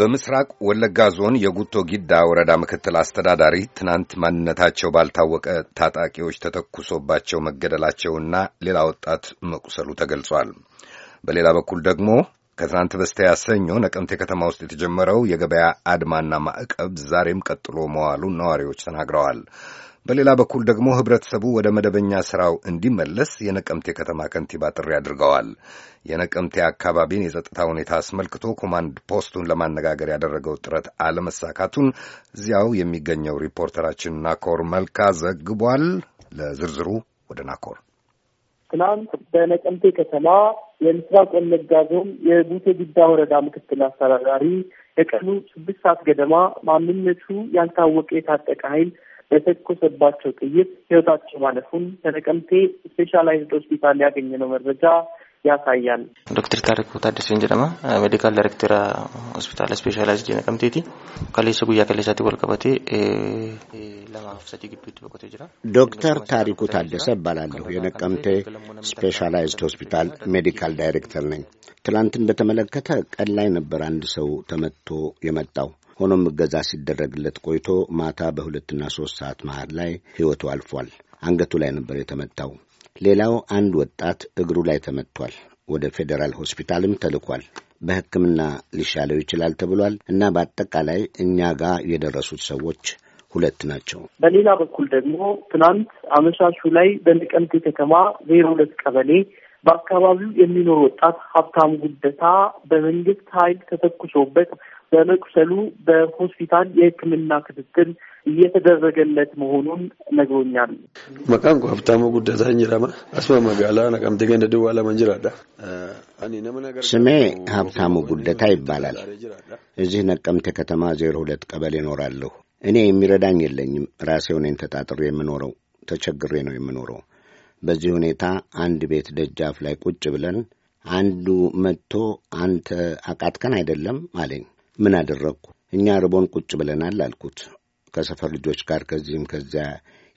በምስራቅ ወለጋ ዞን የጉቶ ጊዳ ወረዳ ምክትል አስተዳዳሪ ትናንት ማንነታቸው ባልታወቀ ታጣቂዎች ተተኩሶባቸው መገደላቸውና ሌላ ወጣት መቁሰሉ ተገልጿል። በሌላ በኩል ደግሞ ከትናንት በስቲያ ሰኞ ነቀምቴ ከተማ ውስጥ የተጀመረው የገበያ አድማና ማዕቀብ ዛሬም ቀጥሎ መዋሉ ነዋሪዎች ተናግረዋል። በሌላ በኩል ደግሞ ህብረተሰቡ ወደ መደበኛ ስራው እንዲመለስ የነቀምቴ ከተማ ከንቲባ ጥሪ አድርገዋል። የነቀምቴ አካባቢን የጸጥታ ሁኔታ አስመልክቶ ኮማንድ ፖስቱን ለማነጋገር ያደረገው ጥረት አለመሳካቱን እዚያው የሚገኘው ሪፖርተራችን ናኮር መልካ ዘግቧል። ለዝርዝሩ ወደ ናኮር። ትናንት በነቀምቴ ከተማ የምስራቅ ወለጋ ዞን የጉቴ ወረዳ ምክትል አስተዳዳሪ የቀኑ ስድስት ሰዓት ገደማ ማንነቱ ያልታወቀ የታጠቀ ኃይል በተኮሰባቸው ጥይት ህይወታቸው ማለፉን ከነቀምቴ ስፔሻላይዝድ ሆስፒታል ነው መረጃ ያሳያል። ዶክተር ታሪኩ ታደሰ እንጀደማ ሜዲካል ዳይሬክተር ሆስፒታል ስፔሻላይዝድ የነቀምቴቲ ከሌሰ ጉያ ከሌሳቲ ወልቀበቴ ለማፍሰት ግቢት በቆቴ ጅራ ዶክተር ታሪኩ ታደሰ እባላለሁ። የነቀምቴ ስፔሻላይዝድ ሆስፒታል ሜዲካል ዳይሬክተር ነኝ። ትላንት በተመለከተ ቀን ላይ ነበር አንድ ሰው ተመትቶ የመጣው ሆኖም እገዛ ሲደረግለት ቆይቶ ማታ በሁለትና ሦስት ሰዓት መሃል ላይ ሕይወቱ አልፏል። አንገቱ ላይ ነበር የተመታው። ሌላው አንድ ወጣት እግሩ ላይ ተመቷል። ወደ ፌዴራል ሆስፒታልም ተልኳል። በሕክምና ሊሻለው ይችላል ተብሏል እና በአጠቃላይ እኛ ጋር የደረሱት ሰዎች ሁለት ናቸው። በሌላ በኩል ደግሞ ትናንት አመሻሹ ላይ በነቀምቴ ከተማ ዜሮ ሁለት ቀበሌ በአካባቢው የሚኖር ወጣት ሀብታሙ ጉደታ በመንግስት ኃይል ተተኩሶበት በመቁሰሉ በሆስፒታል የሕክምና ክትትል እየተደረገለት መሆኑን ነግሮኛል። መቃንኩ ሀብታሙ ጉደታ እንጅራማ አስማማ ጋላ ነቀምቴ ገንደ ድዋላ መንጅራዳ ስሜ ሀብታሙ ጉደታ ይባላል። እዚህ ነቀምቴ ከተማ ዜሮ ሁለት ቀበሌ እኖራለሁ። እኔ የሚረዳኝ የለኝም። ራሴው ነኝ ተጣጥሬ የምኖረው። ተቸግሬ ነው የምኖረው። በዚህ ሁኔታ አንድ ቤት ደጃፍ ላይ ቁጭ ብለን አንዱ መጥቶ አንተ አቃጥከን አይደለም አለኝ። ምን አደረግኩ? እኛ ርቦን ቁጭ ብለናል አልኩት። ከሰፈር ልጆች ጋር ከዚህም ከዚያ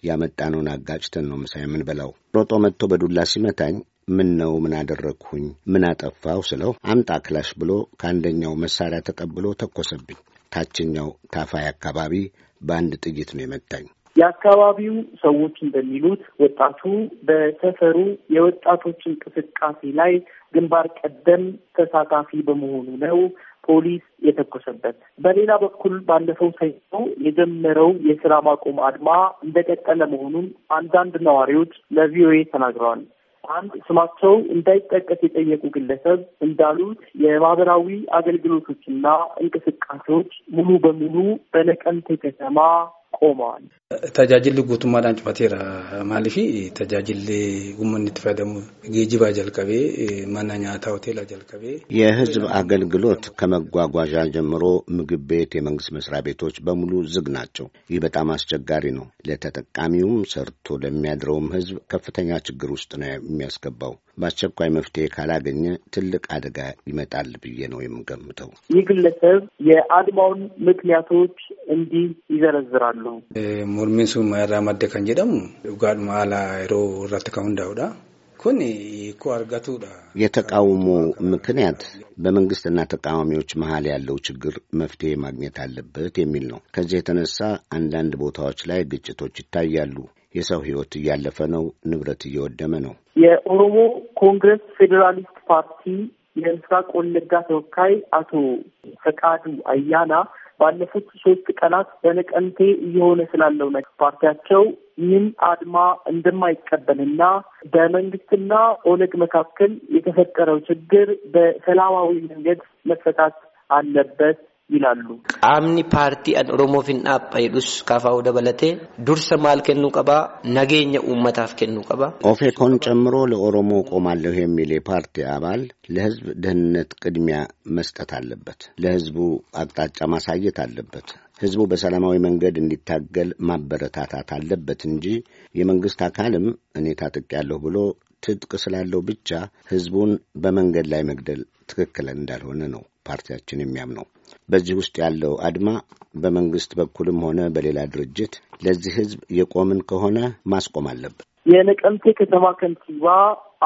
ያመጣነውን አጋጭተን ነው ምሳ የምንበላው። ሮጦ መጥቶ በዱላ ሲመታኝ ምን ነው ምን አደረግሁኝ? ምን አጠፋው ስለው አምጣ ክላሽ ብሎ ከአንደኛው መሳሪያ ተቀብሎ ተኮሰብኝ። ታችኛው ታፋይ አካባቢ በአንድ ጥይት ነው የመታኝ። የአካባቢው ሰዎች እንደሚሉት ወጣቱ በሰፈሩ የወጣቶች እንቅስቃሴ ላይ ግንባር ቀደም ተሳታፊ በመሆኑ ነው ፖሊስ የተኮሰበት። በሌላ በኩል ባለፈው ሰኞ የጀመረው የስራ ማቆም አድማ እንደቀጠለ መሆኑን አንዳንድ ነዋሪዎች ለቪኦኤ ተናግረዋል። አንድ ስማቸው እንዳይጠቀስ የጠየቁ ግለሰብ እንዳሉት የማህበራዊ አገልግሎቶችና እንቅስቃሴዎች ሙሉ በሙሉ በነቀምቴ ከተማ ቆመዋል። tajaajilli guutummaadhaan cufateera maaliif tajaajilli uummanni itti fayyadamu geejibaa jalqabee mana nyaataa hoteela jalqabee የህዝብ አገልግሎት ከመጓጓዣ ጀምሮ ምግብ ቤት፣ የመንግስት መስሪያ ቤቶች በሙሉ ዝግ ናቸው። ይህ በጣም አስቸጋሪ ነው። ለተጠቃሚውም ሰርቶ ለሚያድረውም ህዝብ ከፍተኛ ችግር ውስጥ ነው የሚያስገባው። በአስቸኳይ መፍትሄ ካላገኘ ትልቅ አደጋ ይመጣል ብዬ ነው የምገምተው። ይህ ግለሰብ የአድማውን ምክንያቶች እንዲህ ይዘረዝራሉ። ሙርሚሱ መራ ማደካን ጀደሙ ጋድ ማላ ሮ ራት እንዳውዳ ኩን ኮ የተቃውሞ ምክንያት በመንግስትና ተቃዋሚዎች መሀል ያለው ችግር መፍትሄ ማግኘት አለበት የሚል ነው። ከዚህ የተነሳ አንዳንድ ቦታዎች ላይ ግጭቶች ይታያሉ። የሰው ህይወት እያለፈ ነው፣ ንብረት እየወደመ ነው። የኦሮሞ ኮንግረስ ፌዴራሊስት ፓርቲ የምስራቅ ወለጋ ተወካይ አቶ ፈቃዱ አያና ባለፉት ሶስት ቀናት በነቀምቴ እየሆነ ስላለው ነገር ፓርቲያቸው ይህን አድማ እንደማይቀበልና በመንግስትና ኦነግ መካከል የተፈጠረው ችግር በሰላማዊ መንገድ መፈታት አለበት ይላሉ። ቃምኒ ፓርቲ አን ኦሮሞ ፊንአፕ ዱስ ካፋው ደበለቴ ዱርሰ ማል ከኑ ቀባ ነገኘ ኡመታፍ ከኑ ቀባ ኦፌኮን ጨምሮ ለኦሮሞ ቆማለሁ የሚል የፓርቲ አባል ለህዝብ ደህንነት ቅድሚያ መስጠት አለበት። ለህዝቡ አቅጣጫ ማሳየት አለበት። ህዝቡ በሰላማዊ መንገድ እንዲታገል ማበረታታት አለበት እንጂ የመንግስት አካልም እኔ ታጥቄያለሁ ብሎ ትጥቅ ስላለው ብቻ ህዝቡን በመንገድ ላይ መግደል ትክክል እንዳልሆነ ነው ፓርቲያችን የሚያምነው። በዚህ ውስጥ ያለው አድማ በመንግስት በኩልም ሆነ በሌላ ድርጅት ለዚህ ህዝብ የቆምን ከሆነ ማስቆም አለብን። የነቀምቴ ከተማ ከንቲባ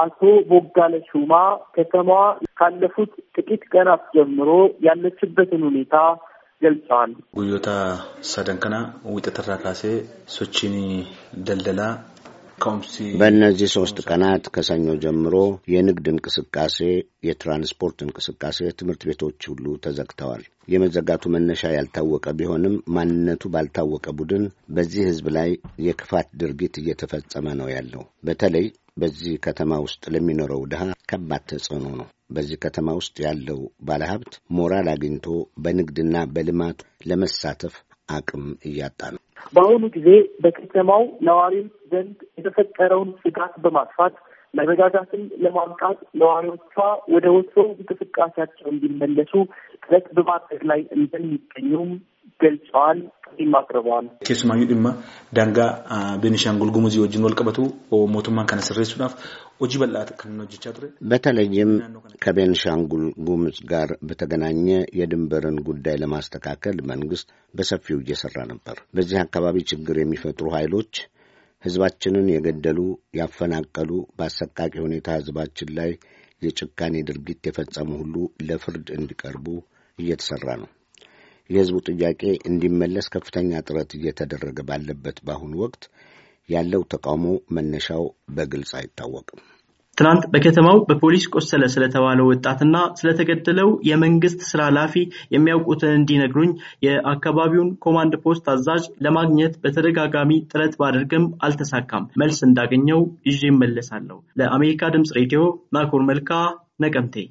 አቶ ቦጋለ ሹማ ከተማዋ ካለፉት ጥቂት ቀናት ጀምሮ ያለችበትን ሁኔታ ገልጸዋል። ጉዮታ ሰደንከና ውጤተራ ካሴ ሶቺኒ ደልደላ በእነዚህ ሦስት ቀናት ከሰኞ ጀምሮ የንግድ እንቅስቃሴ፣ የትራንስፖርት እንቅስቃሴ፣ ትምህርት ቤቶች ሁሉ ተዘግተዋል። የመዘጋቱ መነሻ ያልታወቀ ቢሆንም ማንነቱ ባልታወቀ ቡድን በዚህ ሕዝብ ላይ የክፋት ድርጊት እየተፈጸመ ነው ያለው። በተለይ በዚህ ከተማ ውስጥ ለሚኖረው ድሃ ከባድ ተጽዕኖ ነው። በዚህ ከተማ ውስጥ ያለው ባለሀብት ሞራል አግኝቶ በንግድና በልማቱ ለመሳተፍ አቅም እያጣ ነው። በአሁኑ ጊዜ በከተማው ነዋሪዎች ዘንድ የተፈጠረውን ስጋት በማጥፋት መረጋጋትን ለማምጣት ነዋሪዎቿ ወደ ወትሮ እንቅስቃሴያቸው እንዲመለሱ ጥረት በማድረግ ላይ እንደሚገኙም ገልጸዋል። ቅድም አቅርበዋል። ኬሱማዩ ድማ ዳንጋ ቤኒሻንጉል ጉሙዝ ወጅን ወልቀበቱ ሞቱማን ከነስሬሱናፍ ጂ በላት ጥሬ በተለይም ከቤንሻንጉል ጉሙዝ ጋር በተገናኘ የድንበርን ጉዳይ ለማስተካከል መንግስት በሰፊው እየሰራ ነበር። በዚህ አካባቢ ችግር የሚፈጥሩ ኃይሎች ሕዝባችንን የገደሉ ያፈናቀሉ፣ በአሰቃቂ ሁኔታ ሕዝባችን ላይ የጭካኔ ድርጊት የፈጸሙ ሁሉ ለፍርድ እንዲቀርቡ እየተሠራ ነው። የሕዝቡ ጥያቄ እንዲመለስ ከፍተኛ ጥረት እየተደረገ ባለበት በአሁኑ ወቅት ያለው ተቃውሞ መነሻው በግልጽ አይታወቅም። ትናንት በከተማው በፖሊስ ቆሰለ ስለተባለው ወጣትና ስለተገደለው የመንግስት ስራ ኃላፊ የሚያውቁትን እንዲነግሩኝ የአካባቢውን ኮማንድ ፖስት አዛዥ ለማግኘት በተደጋጋሚ ጥረት ባደርግም አልተሳካም። መልስ እንዳገኘው ይዤ እመለሳለሁ። ለአሜሪካ ድምፅ ሬዲዮ ናኮር መልካ ነቀምቴ